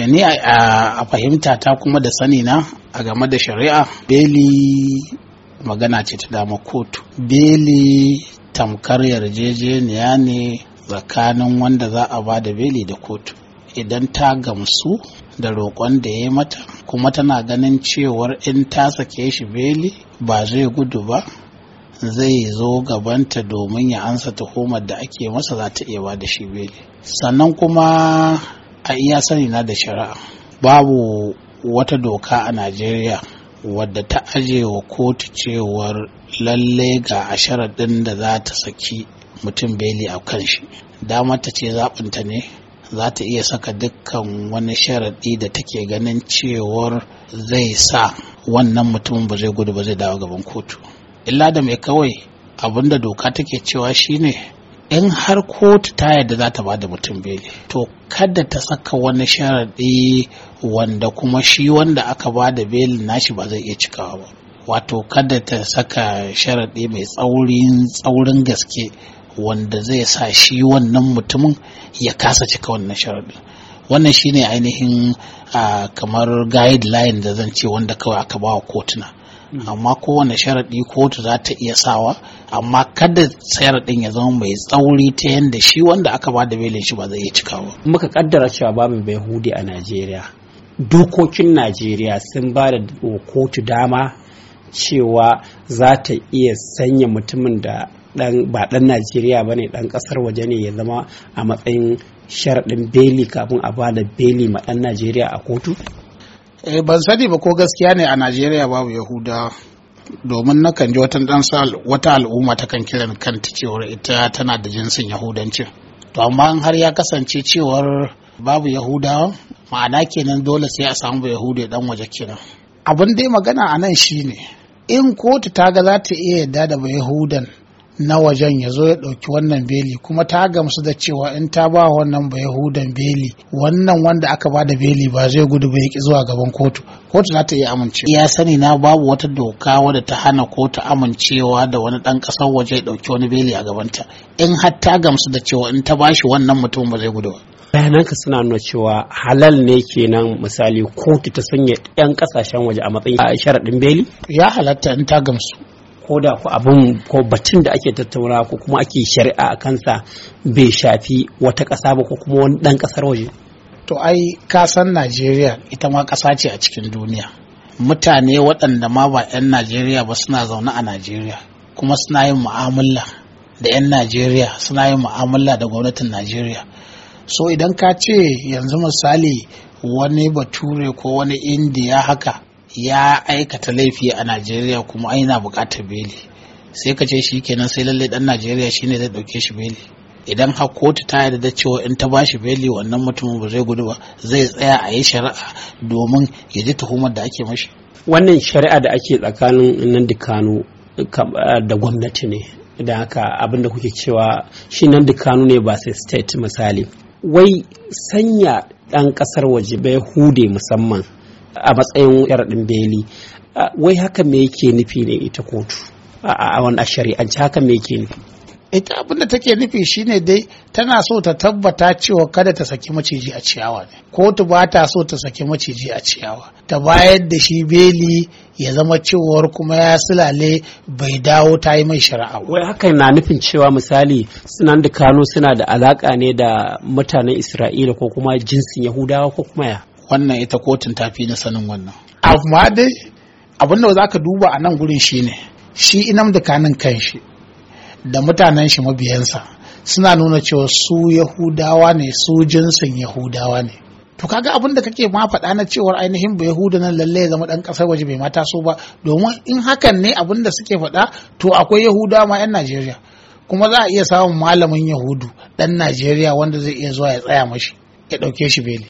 Eh, ni eh, a fahimta ta kuma da sani na a game da shari'a beli magana ce ta dama kotu beli tamkar yarjejeniya ne tsakanin wanda za a ba da beli da kotu idan ta gamsu da roƙon da ya mata kuma tana ganin cewar in ta sake shi beli ba zai gudu ba zai zo gabanta domin ya ansa tuhumar da ake masa za ta iya ba da shi beli sannan kuma a iya sani na da shari'a babu wata doka a najeriya wadda ta aje wa kotu cewar lalle ga a sharaɗin da za ta saki mutum beli a kan shi damar ta ce zaɓinta ne za ta iya saka dukkan wani sharaɗi da take ganin cewar zai sa wannan mutumin ba zai gudu ba zai dawo gaban kotu illa da mai kawai abinda doka take cewa shine in har kotu ta yarda za ta da mutum beli to kada ta saka wani sharaɗi wanda kuma shi wanda aka ba da belin nashi ba zai iya cikawa ba wato kada ta saka sharaɗi mai tsaurin tsaurin gaske wanda zai sa shi wannan mutumin ya kasa cika wannan sharaɗi wannan shine ainihin ah, kamar guideline da zan ce wanda kawai aka ba wa kotuna amma kowane sharaɗi kotu za ta iya sawa amma kada sharaɗin ya zama mai tsauri ta yadda shi wanda aka ba da belin shi ba zai iya cika ba muka kaddara cewa babu bai hudi a najeriya dokokin najeriya sun ba da kotu dama cewa za ta iya sanya mutumin da ba dan najeriya ba ne ɗan ƙasar waje ne ya zama a matsayin sharaɗin beli kafin a ba da beli ma dan najeriya a kotu eh ban sani ba ko gaskiya ne a najeriya babu yahuda domin na kan ji wata wata al'umma ta kan kiran kanta cewar ita tana da jinsin yahudanci to amma har ya kasance cewar babu Yahuda ma'ana kenan dole sai a samu yahudu dan waje kenan abin dai magana a nan shine in kotu ta ga za ta iya yarda da yahudan na wajen ya zo ya ɗauki wannan beli kuma ta gamsu da cewa in ta ba wannan ba yahudan beli wannan wanda aka ba da beli ba zai gudu ba ya zuwa gaban kotu kotu za ta iya amince ya sani na babu wata doka wadda ta hana kotu amincewa da wani dan ƙasar waje ya ɗauki wani beli a gabanta in har ta gamsu da cewa in ta bashi wannan mutum ba zai gudu ba bayananka suna nuna cewa halal ne kenan misali kotu ta sanya 'yan kasashen waje a matsayin sharaɗin beli ya halatta in ta gamsu ko da ku abin ko batun da ake tattauna ko kuma ake shari'a a kansa bai shafi wata ƙasa ba ko kuma wani ɗan ƙasar waje to ai kasan najeriya ita ma ƙasa ce a cikin duniya mutane waɗanda ma ba 'yan najeriya ba suna zaune a najeriya kuma suna yin mu'amala da 'yan najeriya suna yin mu'amala da gwamnatin najeriya so idan ka ce yanzu misali wani bature ko wani indiya haka ya aikata laifi a najeriya kuma yana buƙatar beli sai ka ce shi kenan sai lalle dan najeriya shine zai ɗauke shi beli idan har kotu ta yarda cewa in ta bashi beli wannan mutumin ba zai gudu ba zai tsaya a yi shari'a domin ya ji tuhumar da ake mashi wannan shari'a da ake tsakanin nan da kano eh, da gwamnati ne da haka abinda kuke cewa shi nan da kano ne ba sai state misali wai sanya ɗan ƙasar waje bai hude musamman a matsayin ɗin beli wai haka me yake nufi ne ita kotu a wannan shari'ance haka me yake nufi ita abin da take nufi shine dai tana so ta tabbata cewa kada ta saki maciji a ciyawa ne kotu ba ta so ta saki maciji a ciyawa ta bayar da shi beli ya zama cewar kuma ya silale bai dawo ta yi mai shari'a wai haka na nufin cewa misali suna da kano suna da alaka ne da mutanen isra'ila ko kuma jinsin yahudawa ko kuma ya wannan ita kotun ta fi na sanin wannan amma dai abin za ka duba a nan gurin shi ne shi inam da kanin kanshi da mutanen shi mabiyansa suna nuna cewa su yahudawa ne su jinsin yahudawa ne to kaga abin da kake ma faɗa na cewar ainihin ba yahuda nan lalle ya zama ɗan ƙasar waje bai mata so ba domin in hakan ne abin da suke faɗa to akwai yahudawa ma 'yan najeriya kuma za a iya samun malamin yahudu ɗan najeriya wanda zai iya zuwa ya tsaya mashi ya ɗauke shi beli